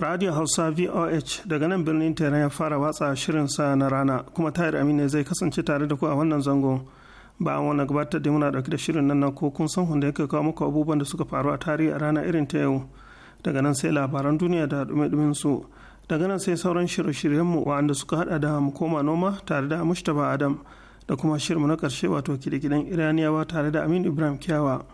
radio hausa voh daga nan birnin teran ya fara watsa shirinsa na rana kuma tahir amina zai kasance tare da ku a wannan zangon bayan wani gabatar da muna dauke da shirin nan na ko kun san wanda yake kawo muku abubuwan da suka faru a tarihi a rana irin ta yau daga nan sai labaran duniya da dumi-dumin su daga nan sai sauran shirye-shiryenmu shiryen wa'anda suka hada da mu koma noma tare da mustapha adam da kuma shirin na karshe wato kidigidan iraniyawa tare da aminu ibrahim kyawa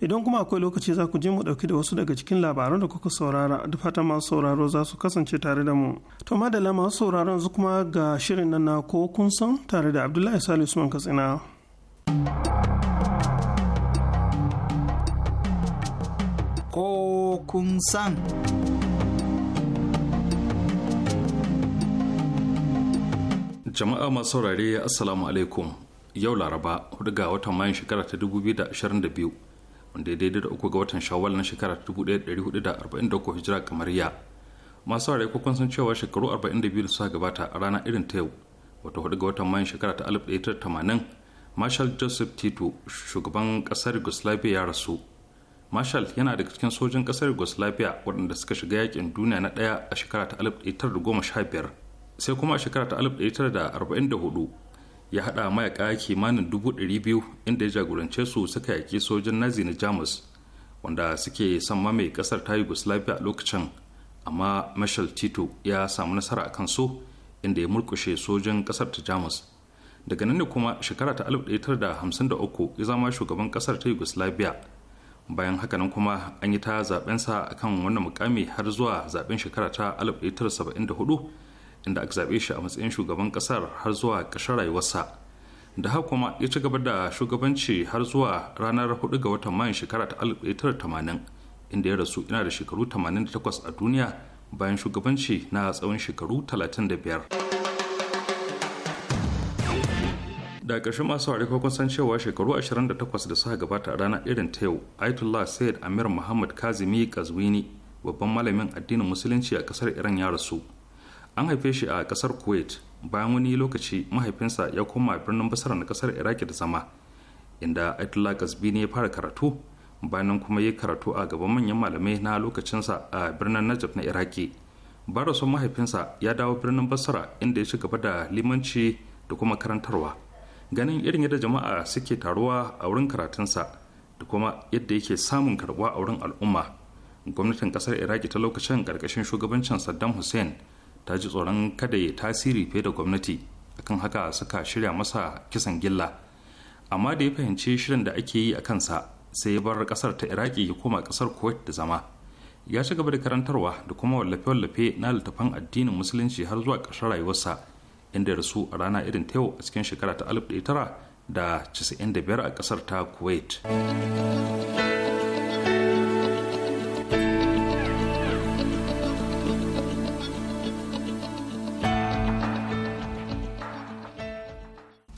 idan kuma akwai lokaci za ku je mu ɗauki da wasu daga cikin labaran da kuka saurara da fatan masu sauraro za su kasance tare da mu to madalla masu sauraro yanzu kuma ga shirin nan na ko kun san tare da abdullahi salisu usman katsina ko kun san jama'a masu saurare assalamu alaikum yau laraba 4 ga watan mayun shekara ta 2022 wanda ya daidai da uku ga watan shawwal na shekara 1443 hijira ya masu rai kukun sun cewa shekaru 42 da suka gabata a rana irin ta yau wata hudu ga watan mayan shekara ta 1980 marshal joseph tito shugaban kasar yugoslavia ya rasu marshal yana daga cikin sojin kasar yugoslavia waɗanda suka shiga yakin duniya na ɗaya a shekara ta 1915 sai kuma a shekara ta 1944 ya haɗa mayaka kimanin dubu ɗari biyu inda ya jagorance su suka yaƙi sojin nazi na jamus wanda suke san ma mai ƙasar ta yugoslavia a lokacin amma marshal tito ya samu nasara a kansu inda ya murkushe sojin ƙasar ta jamus daga nan ne kuma shekara ta 1953 ya zama shugaban ƙasar ta yugoslavia bayan haka nan kuma an yi ta zaɓensa akan wannan mukami har zuwa zaɓen shekara ta 1974 inda aka zaɓe shi a matsayin shugaban ƙasar har zuwa ƙarshen rayuwarsa da haka kuma ya ci gaba da shugabanci har zuwa ranar 4 ga watan mayun shekara ta 1980 inda ya rasu ina da shekaru 88 a duniya bayan shugabanci na tsawon shekaru 35 da ƙarshen masu ware kwakwan san cewa shekaru 28 da suka gabata a ranar irin ta yau Ayatollah sayed Amir Muhammad Kazimi Kazwini babban malamin addinin musulunci a ƙasar Iran ya rasu an haife shi a kasar kuwait bayan wani lokaci mahaifinsa ya koma birnin basara na kasar iraki da zama inda aitullah ne ya fara karatu bayan kuma ya karatu a gaban manyan malamai na lokacinsa a birnin najaf na iraki son mahaifinsa ya dawo birnin basara inda ya ci gaba da limanci da kuma karantarwa ganin irin yadda jama'a suke taruwa a wurin karatunsa da kuma yadda yake samun karbuwa a wurin al'umma gwamnatin kasar iraki ta lokacin karkashin shugabancin saddam hussein ta ji tsoron kada ya tasiri fiye da gwamnati akan haka suka shirya masa kisan gilla amma da ya fahimci shirin da ake yi a kansa sai ya bar kasar ta iraki ya koma kasar kuwait da zama ya ci gaba da karantarwa da kuma wallafe-wallafe na littafan addinin musulunci har zuwa ƙarshen rayuwarsa inda ya rasu a rana irin ta yau a cikin shekara ta 1995 a kasar ta kuwait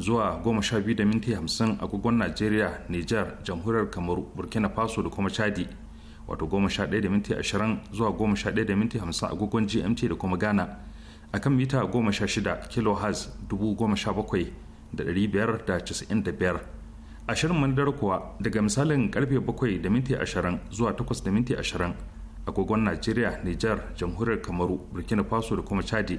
zuwa goma sha biyu da minti hamsin agogon najeriya niger jamhuriyar kamaru burkina faso da kuma chadi wato goma sha ɗaya da minti zuwa goma sha ɗaya agogon gmt da kuma ghana a kan mita goma sha shida A dubu goma sha bakwai da ɗari biyar da da biyar ashirin kuwa daga misalin karfe bakwai da minti ashirin zuwa takwas da minti ashirin agogon najeriya niger jamhuriyar kamaru burkina faso da kuma chadi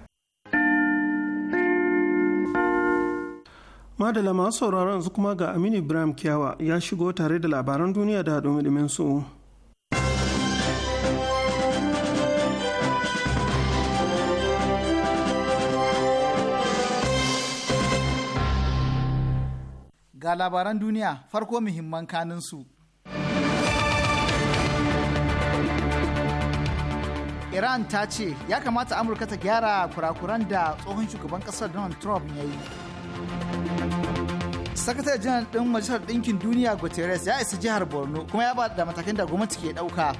Madala masu sauraron su kuma ga Aminu Ibrahim Kiyawa ya shigo tare da labaran duniya da mai su. Ga labaran duniya farko muhimman kaninsu. Iran ta ce ya kamata Amurka ta gyara kurakuran da tsohon shugaban ƙasar Donald Trump ya yi. sakatar janar ɗin majalisar ɗinkin duniya guterres ya isa jihar borno kuma ya ba da matakan da gwamnati ke ɗauka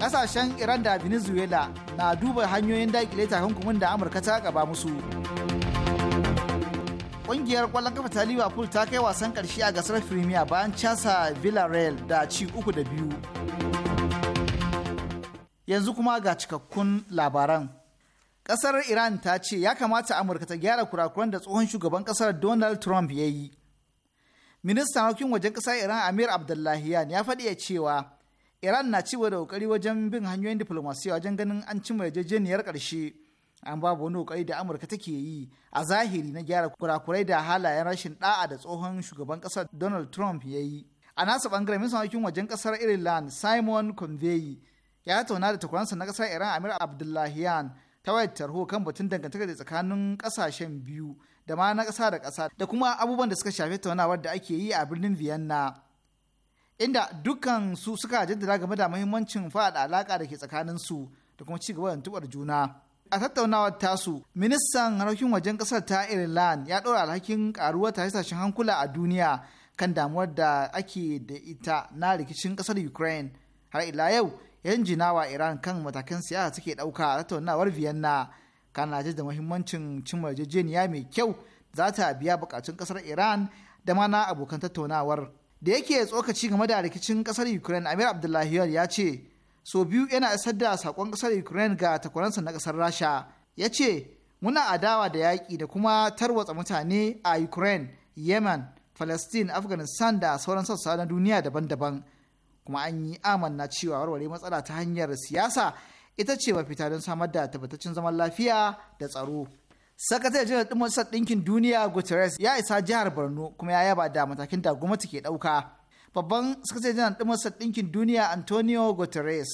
ƙasashen iran da venezuela na duba hanyoyin daƙile takunkumin da amurka ta gaba musu ƙungiyar ƙwallon kafa ta liverpool ta kai wasan ƙarshe a gasar premier bayan casa villarreal da ci uku da biyu yanzu kuma ga cikakkun labaran kasar Iran ta ce ya kamata Amurka ta gyara kurakuran da tsohon shugaban ƙasar Donald Trump ya yi. Ministan harkokin wajen kasar Iran Amir Abdullahiyan ya faɗi cewa Iran na cewa da ƙoƙari wajen bin hanyoyin diplomasiya wajen ganin an cimma yarjejeniyar ƙarshe. An babu wani ƙoƙari da Amurka take yi a zahiri na gyara kurakurai da halayen rashin ɗa'a da tsohon shugaban ƙasar Donald Trump ya yi. A nasa ɓangaren ministan harkokin wajen ƙasar Ireland Simon Convey ya tauna da takwaransa na kasar Iran Amir Abdullahiyan ta wayar tarho kan batun dangantaka da tsakanin kasashen biyu da ma na ƙasa da kasa da kuma abubuwan da suka shafi tattaunawar da ake yi a birnin Vienna. Inda dukkan su suka jaddada game da muhimmancin faɗa alaƙa da ke tsakanin su da kuma ci gaba da tubar juna. A tattaunawar tasu, ministan harkokin wajen ƙasar ta Ireland ya ɗora alhakin ƙaruwar tashe-tashen hankula a duniya kan damuwar da ake da ita na rikicin kasar Ukraine. Har ila yau, yan jinawa iran kan matakan siyasa suke dauka a tattaunawar vienna kana da muhimmancin cimma yarjejeniya mai kyau za ta biya bukatun kasar iran da mana abokan tattaunawar da yake tsokaci game da rikicin kasar ukraine amir abdullahiyar ya ce so biyu yana isar da sakon kasar ukraine ga takwaransa na kasar rasha ya ce muna adawa da yaƙi da kuma tarwatsa mutane a ukraine yemen palestine afghanistan da sauran sassa na duniya daban-daban kuma an yi amanna cewa warware matsala ta hanyar siyasa ita ce mafita don samar da tabbataccen zaman lafiya da tsaro. sakatare jihar ɗin Majalisar Ɗinkin Duniya Guterres ya isa jihar Borno kuma ya yaba da matakin da gwamnati ke ɗauka. Babban sakatare jihar ɗin Majalisar Ɗinkin Duniya Antonio Guterres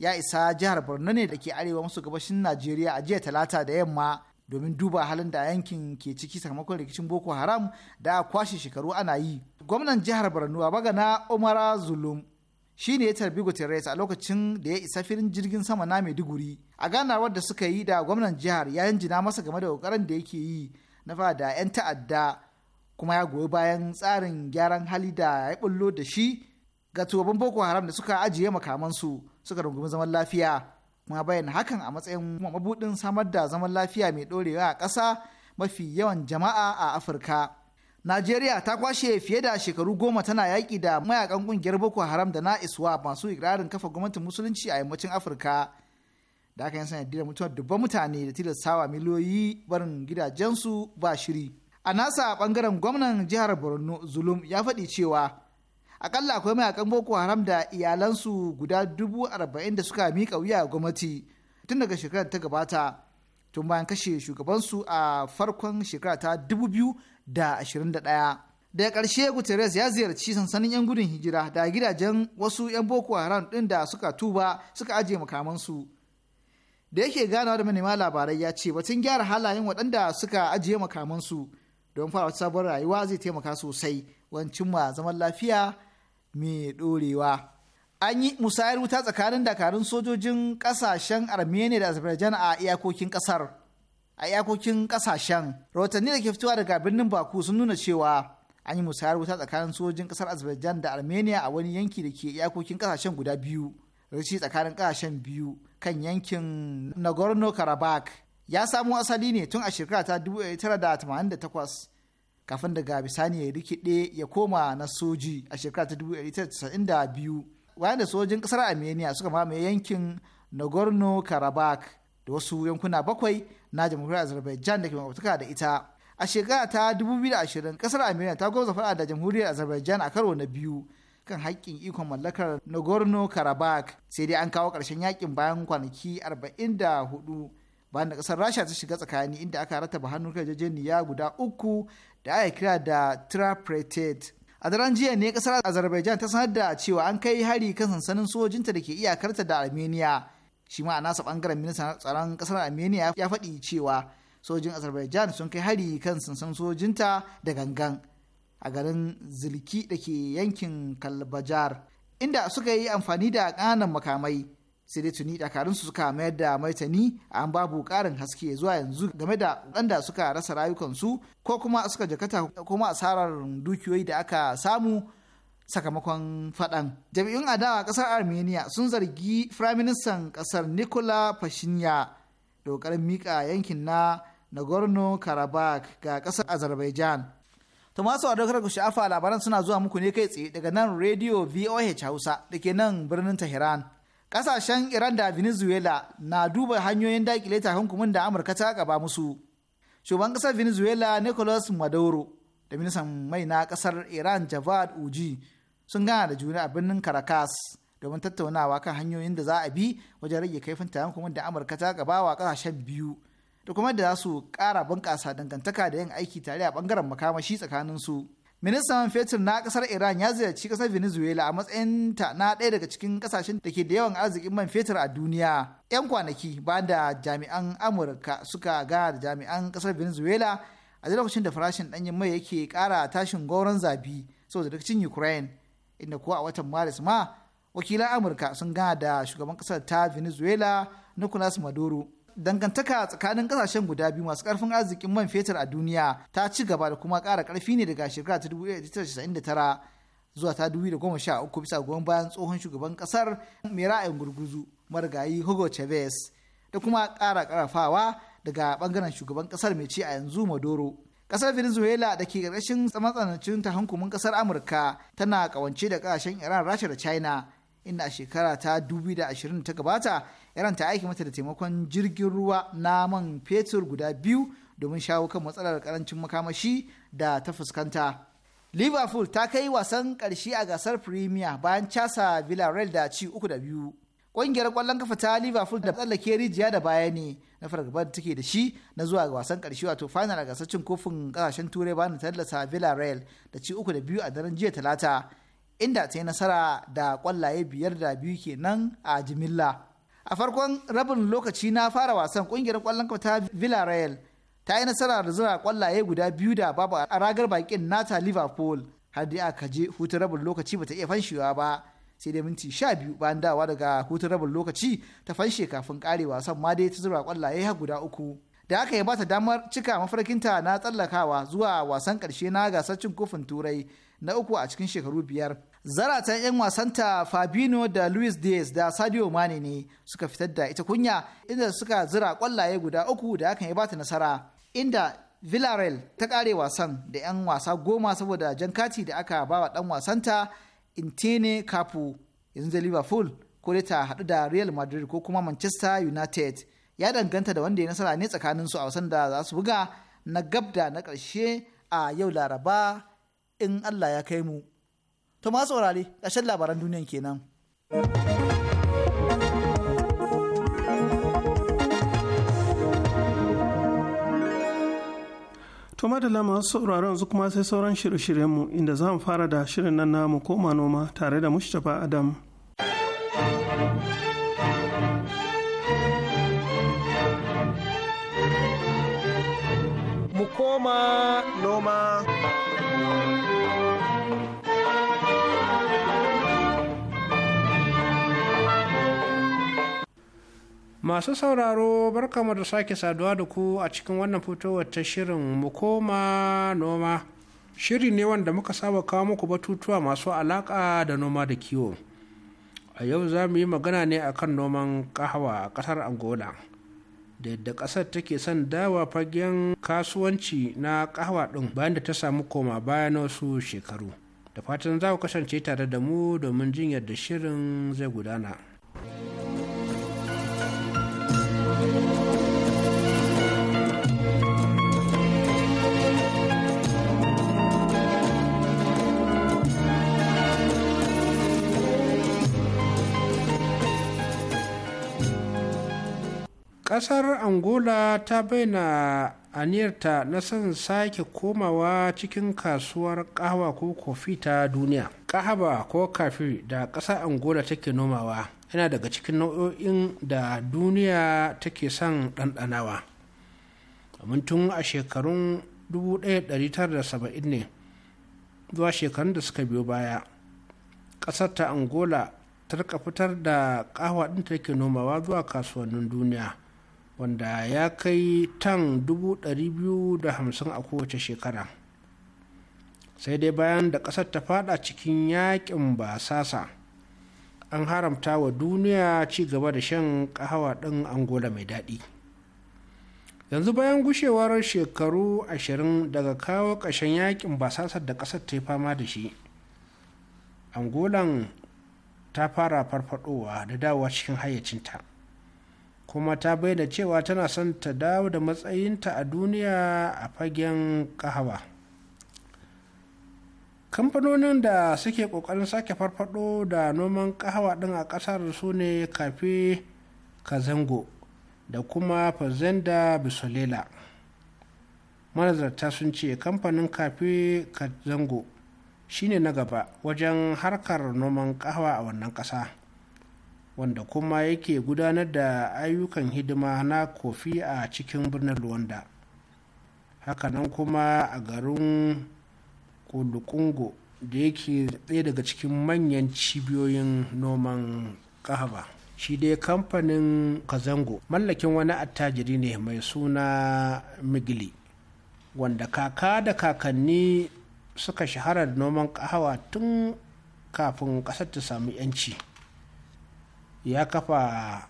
ya isa jihar Borno ne da ke arewa maso gabashin Najeriya a jiya talata da yamma domin duba halin da yankin ke ciki sakamakon rikicin Boko Haram da kwashe shekaru ana yi. Gwamnan jihar Borno Bagana Umara Zulum shi ne ya tarbi Guterres a lokacin da ya isa filin jirgin sama na Maiduguri. A ganawar da suka yi da gwamnan jihar ya jina masa game da kokarin da yake yi na fada 'yan ta'adda kuma ya goyi bayan tsarin gyaran hali da ya bullo da shi ga tubaban Boko Haram da suka ajiye makamansu suka rungumi zaman lafiya. Kuma bayan hakan a matsayin mabudin samar da zaman lafiya mai dorewa a ƙasa mafi yawan jama'a a Afirka. Najeriya ta kwashe fiye da shekaru goma tana yaƙi da mayakan ƙungiyar Boko Haram da na Iswa masu ikirarin kafa gwamnatin musulunci a yammacin Afirka. Da aka yi da mutuwar dubban mutane da tilastawa miliyoyi barin gidajensu ba shiri. A nasa bangaren gwamnan jihar Borno Zulum ya faɗi cewa akalla akwai mayakan Boko Haram da iyalansu guda dubu arba'in da suka miƙa wuya gwamnati tun daga shekarar ta gabata tun bayan kashe shugabansu a farkon shekara ta dubu biyu da ashirin da 21. Daga ƙarshe Guterres ya ziyarci sansanin 'yan gudun hijira da gidajen wasu 'yan Boko Haram ɗin da suka tuba suka ajiye makamansu. Da yake ganawa da manema labarai ya ce batun gyara halayen waɗanda suka ajiye makamansu don fara wata sabon rayuwa zai taimaka sosai wancin ma zaman lafiya mai ɗorewa. An yi musayar wuta tsakanin dakarun sojojin ƙasashen Armenia da Azerbaijan a iyakokin ƙasar. a iyakokin kasashen rahotanni da ke fitowa daga birnin baku sun nuna cewa an yi musayar wuta tsakanin sojojin kasar azerbaijan da armenia a wani yanki da ke iyakokin kasashen guda biyu rikici tsakanin kasashen biyu kan yankin nagorno karabakh ya samo asali ne tun a shekara ta 1988 kafin daga bisani ya rikide ya koma na soji a shekara ta 1992 bayan da sojojin kasar armenia suka mamaye yankin nagorno karabakh da wasu yankuna bakwai na jamhuriyar azerbaijan da ke makwabtaka da ita a shekara ta 2020 kasar armenia ta gwamza fada da jamhuriyar azerbaijan a karo na biyu kan haƙƙin ikon mallakar nagorno karabakh sai dai an kawo ƙarshen yakin bayan kwanaki 44 bayan da kasar rasha ta shiga tsakani inda aka rataba hannun yarjejeniya guda uku da aka kira da tripartite a daren jiya ne kasar azerbaijan ta sanar da cewa an kai hari kan sansanin sojinta da ke iyakarta da armenia shi ma a nasa bangaren ministan tsaron kasar armenia ya faɗi cewa sojin azerbaijan sun kai hari kan sansan sojinta da gangan a garin zilki da ke yankin kalbajar inda suka yi amfani da ƙananan makamai sai dai tuni dakarun su suka mayar da martani an babu ƙarin haske zuwa yanzu game da waɗanda suka rasa rayukansu ko kuma suka jakata kuma asarar dukiyoyi da aka samu sakamakon faɗan. Jami'un adawa ƙasar Armenia sun zargi Firaministan ƙasar Nikola Pashinya dokar miƙa yankin na Nagorno-Karabakh ga ƙasar Azerbaijan. To masu a dokar sha'afa labaran suna zuwa muku ne kai tsaye daga nan Radio VOH Hausa da ke nan birnin Tehran. Ƙasashen Iran da Venezuela na duba hanyoyin daƙile takunkumin da Amurka ta gaba musu. Shugaban ƙasar Venezuela Nicolas Maduro da ministan mai na kasar iran javad uji sun gana da juna a birnin caracas domin tattaunawa kan hanyoyin da za a bi wajen rage kaifin tayankumin da amurka ta gaba wa kasashen biyu da kuma da za su kara bunƙasa dangantaka da yin aiki tare a bangaren makamashi tsakanin su ministan fetur na kasar iran ya ziyarci kasar venezuela a matsayin ta na ɗaya daga cikin kasashen da ke da yawan arzikin man fetur a duniya yan kwanaki ba da jami'an amurka suka ga da jami'an kasar venezuela a duk lokacin da farashin ɗanyen mai yake kara tashin goron zabi saboda rikicin ukraine inda kuwa a watan maris ma wakilan amurka sun gana da shugaban kasar ta venezuela nicolas maduro dangantaka tsakanin kasashen guda biyu masu karfin arzikin man fetur a duniya ta ci gaba da kuma kara karfi ne daga shekara ta 1999 zuwa ta 2013 bisa goyon bayan tsohon shugaban kasar mai ra'ayin gurguzu marigayi hugo chavez da kuma kara karafawa. daga bangaren shugaban kasar mai ci a yanzu maduro kasar venezuela da ke ƙarƙashin tsamatsanancin ta hankumin kasar amurka tana ƙawance da ƙasashen iran rasha da china inda a shekara ta 2020 ta gabata iran ta aiki mata da taimakon jirgin ruwa na man fetur guda biyu domin shawo kan matsalar karancin makamashi da ta fuskanta liverpool ta kai wasan karshe a gasar premier bayan casa villarreal da ci uku da biyu ƙungiyar kwallon kafa ta liverpool da tsallake rijiya da baya ne na fargabar da take da shi na zuwa ga wasan karshe wato final a gasar cin kofin kasashen turai bayan tallasa villarreal da ci uku da biyu a daren jiya talata inda ta yi nasara da kwallaye biyar da biyu kenan a jimilla a farkon rabin lokaci na fara wasan ƙungiyar kwallon kafa ta villarreal ta yi nasara da zura kwallaye guda biyu da babu a ragar bakin nata liverpool har dai aka je hutun rabin lokaci bata iya fanshewa ba sai dai minti sha biyu bayan dawa daga hutun rabin lokaci ta fanshe kafin kare wasan ma dai ta zura kwallaye har guda uku da aka yi ba ta damar cika mafarkinta na tsallakawa zuwa wasan karshe na gasar cin kofin turai na uku a cikin shekaru biyar zaratan 'yan wasanta fabino da luis diaz da sadio mane ne suka fitar da ita kunya inda suka zura kwallaye guda uku da yi ya bata nasara inda villarreal ta kare wasan da 'yan wasa goma saboda jan kati da aka ba wa dan wasanta intene kafu yanzu da liverpool ko dai ta haɗu da real madrid ko kuma manchester united ya danganta da wanda ya nasara ne tsakanin su a wasan da za su buga na gabda na ƙarshe a yau laraba in allah ya kai mu to ma saurare ƙarshen labaran duniyan kenan. To madalla masu sauraron yanzu kuma sai sauran shirye-shiryenmu inda za mu fara da shirin nan namu koma noma tare da Mustapha Adam. Mu koma noma. masu sauraro barkamu da sake saduwa da ku a cikin wannan fitowar ta shirin mu koma noma shiri ne wanda muka saba kawo muku batutuwa masu alaƙa da noma da kiwo a yau za mu yi magana ne akan noman kahawa a ƙasar angola da yadda ƙasar take son dawa fagen kasuwanci na kahawa ɗin bayan da ta samu koma bayan wasu shekaru da fatan za ku kasance tare da mu domin jin yadda shirin zai gudana. kasar angola ta bayyana aniyarta na son sake komawa cikin kasuwar kawa ko kofi ta duniya kahaba ko kafi da ƙasar angola take nomawa yana daga cikin nau'o'in da duniya take son ɗanɗanawa tun a shekarun 1970 ne zuwa shekarun da suka biyo baya ƙasar ta angola ta rika fitar da ƙawa ɗin take nomawa zuwa kasuwannin duniya wanda ya kai tan 250 a kowace shekara sai dai bayan da ƙasar ta fada cikin yakin basasa an haramta wa duniya ci gaba da shan kahawa ɗin angola mai daɗi yanzu bayan gushewar shekaru ashirin daga kawo ƙashen yakin basasar da ƙasar ta yi fama da shi angolan ta fara farfadowa da dawowa cikin hayyacinta kuma ta bayyana cewa tana son ta dawo da matsayinta a duniya a fagen kahawa kamfanonin da suke kokarin sake farfado da noman kahawa din a kasar su ne kafe kazango da kuma fazenda bisolela manazarta sun ce kamfanin kafe kazango shine na gaba wajen harkar noman kahawa a wannan kasa wanda kuma yake gudanar da ayyukan hidima na kofi a cikin birnin luwanda hakanan kuma a garin kulukungo da yake ɗaya daga cikin manyan cibiyoyin noman kahaba shi dai kamfanin kazango mallakin wani attajiri ne mai suna migli wanda kaka da kakanni suka shahara da noman kahawa tun kafin ƙasar ta samu 'yanci ya kafa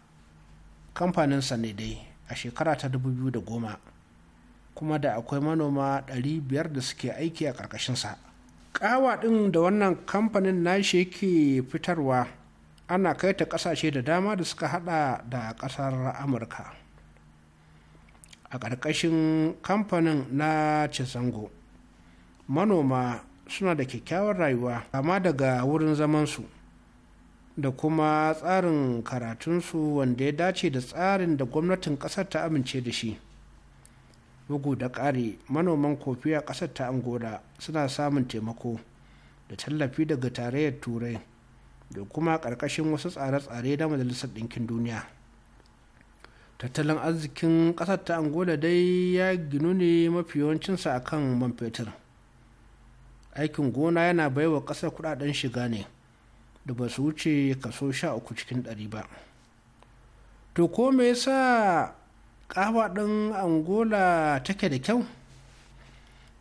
kamfaninsa ne dai a shekara ta 2010 kuma da akwai manoma 500 da suke aiki a ƙarƙashinsa ƙawa ɗin da wannan kamfanin nashi yake fitarwa ana kai ta ƙasashe da dama da suka hada da ƙasar amurka a ƙarƙashin kamfanin na cizango manoma suna da kyakkyawar rayuwa kama daga wurin zamansu da kuma tsarin karatunsu wanda ya dace da tsarin da gwamnatin ƙasar ta amince da shi bugu da ƙari manoman kofi a ƙasar ta angola suna samun taimako da tallafi daga tarayyar turai da kuma ƙarƙashin wasu tsare-tsare na majalisar ɗinkin duniya tattalin arzikin ƙasar ta angola dai ya ginu ne mafi yawancinsa a kan man fetur aikin gona yana baiwa ƙasar kuɗaɗen shiga ne da ba su wuce kaso sha uku cikin ɗari ba to ko me yasa ƙafa ɗin angola take da kyau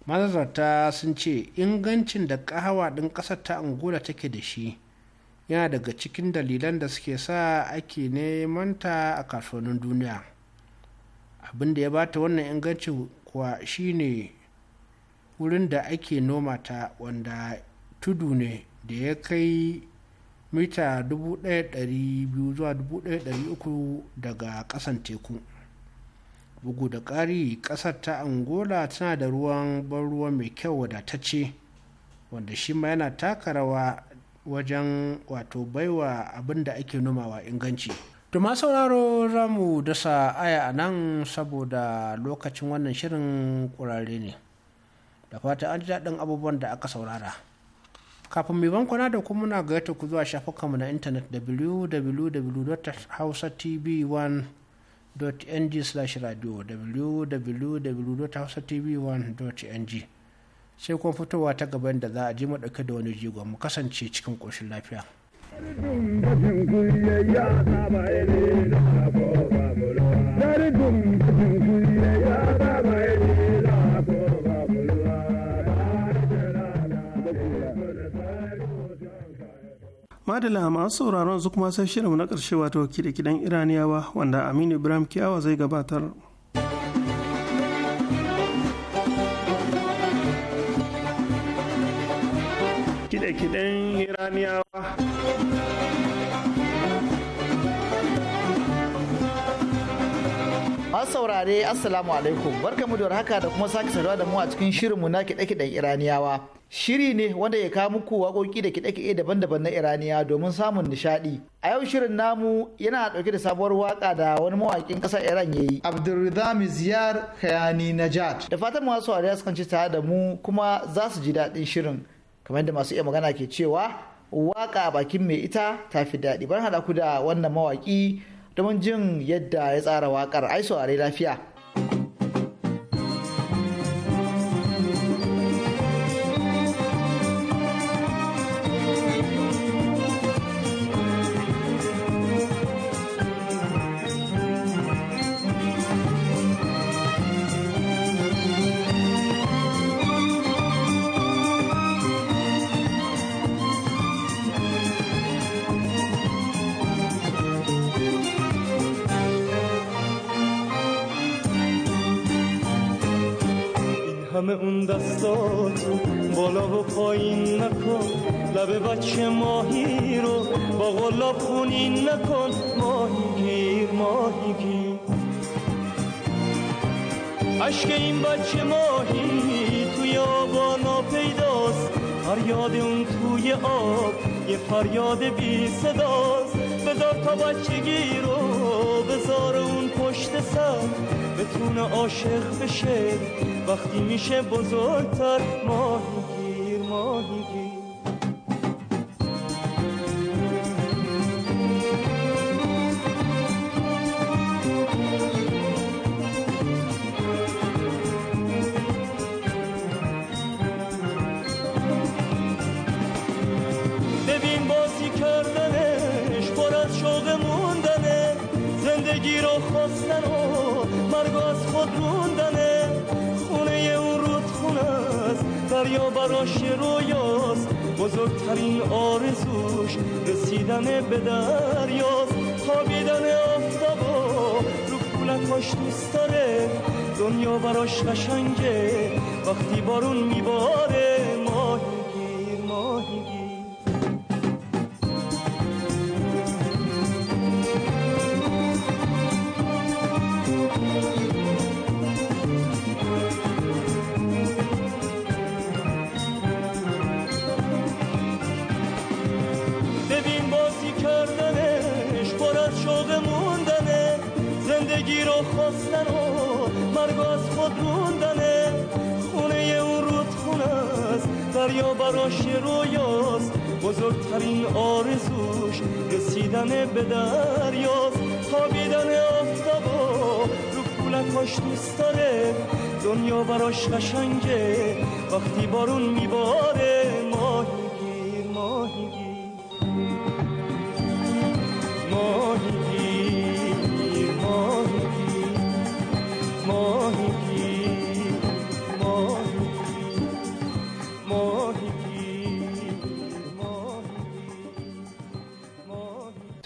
manazarta sun ce ingancin da ƙahawa ɗin ƙasar ta angola take da shi yana daga cikin dalilan da suke sa ake neman ta a kasuwannin duniya abin da ya bata wannan inganci kuwa shine wurin da ake noma ta wanda tudu ne da ya kai mita 1,200 zuwa 1,300 daga kasan teku bugu da ƙari ƙasar ta angola tana da ruwan ban ruwa mai kyau wadatacce wanda shi ma yana taka rawa wajen wato baiwa abin da ake nomawa inganci ma sauraro ramu mu dasa aya a nan saboda lokacin wannan shirin kurare ne da fata an ji daɗin abubuwan da aka saurara. kafin mai bankwana da kuma muna gayyata ku zuwa shafukanmu na intanet www.hausatv1.ng/radio www.hausatv1.ng sai kuma fitowa ta gaban da za a ji mu da wani jigo mu kasance cikin ƙoshin lafiya. Dari dum ya madala masu sauraron su kuma sai shirin na ƙarshe wato kiɗe-kiɗen iraniyawa wanda aminu ibrahim kiyawa zai gabatar kiɗe-kiɗen iraniyawa masu saurare assalamu alaikum barkamu da haka da kuma sake saduwa da mu a cikin shirinmu na kiɗe-kiɗen iraniyawa shiri ne wanda ya kawo muku waƙoƙi da kiɗe-kiɗe daban-daban na iraniya domin samun nishaɗi a yau shirin namu yana ɗauke da sabuwar waka da wani mawaƙin ƙasar iran ya yi abdulrizam ziyar kayani najat da fatan masu saurare su kan ci tare da mu kuma za su ji daɗin shirin kamar yadda masu iya magana ke cewa waƙa bakin mai ita ta fi daɗi bar haɗa ku da wannan mawaƙi domin jin yadda ya tsara waƙar ai a lafiya همه اون دستات بالا و پایین نکن لب بچه ماهی رو با غلاب خونی نکن ماهی گیر ماهی گیر عشق این بچه ماهی توی آبا ناپیداست فریاد اون توی آب یه فریاد بی صداست بذار تا بچگی رو بذار اون پشت سر بتونه عاشق بشه وقتی میشه بزرگتر ماهی آخرین آرزوش رسیدن به دریا خوابیدن آفتابا رو پولکاش دوست داره دنیا براش قشنگه وقتی بارون میباره گیرو و خواستن و مرگ از خود موندنه خونه اون خونه. است دریا براش رویاست بزرگترین آرزوش رسیدن به دریاست خوابیدن آفتابا رو پولکاش دوست داره دنیا براش قشنگه وقتی بارون میباره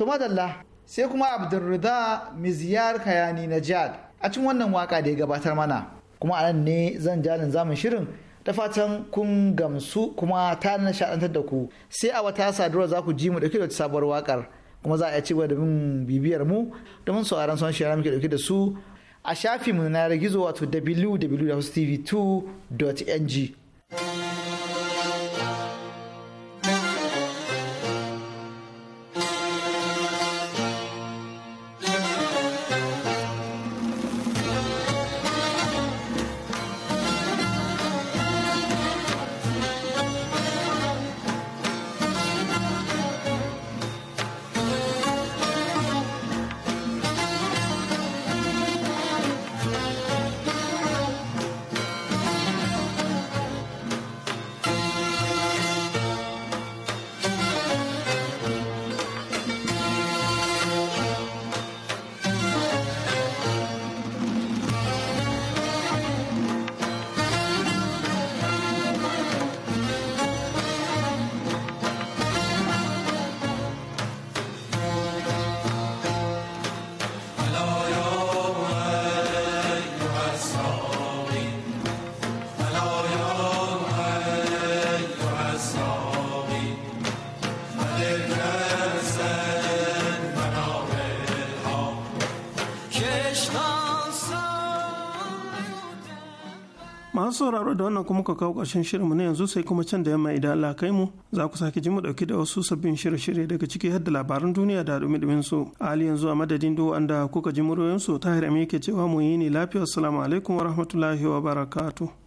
madalla sai kuma abdulrida miziyar kayani na jihar a cikin wannan waka da ya gabatar mana kuma a nan ne zan jalin zamun shirin da fatan kun gamsu kuma ta nishaɗantar da ku sai a wata sadarwa za ku ji mu ɗauki da sabuwar wakar kuma za a iya cewa domin bibiyar mu domin sauraron son shirin muke dauke da su a shafinmu na gizo wato www.tv2.ng. sauraro da wannan kuma ka kawo ƙarshen shirinmu na yanzu sai kuma can da yamma idan Allah kai mu za ku sake ji mu ɗauki da wasu sabbin shirye-shirye daga ciki har labaran duniya da dumi-dumin su a hali yanzu a madadin do da kuka ji muryoyin su ta tahir ke cewa mu yi ne lafiya assalamu alaikum wa rahmatullahi wa barakatu.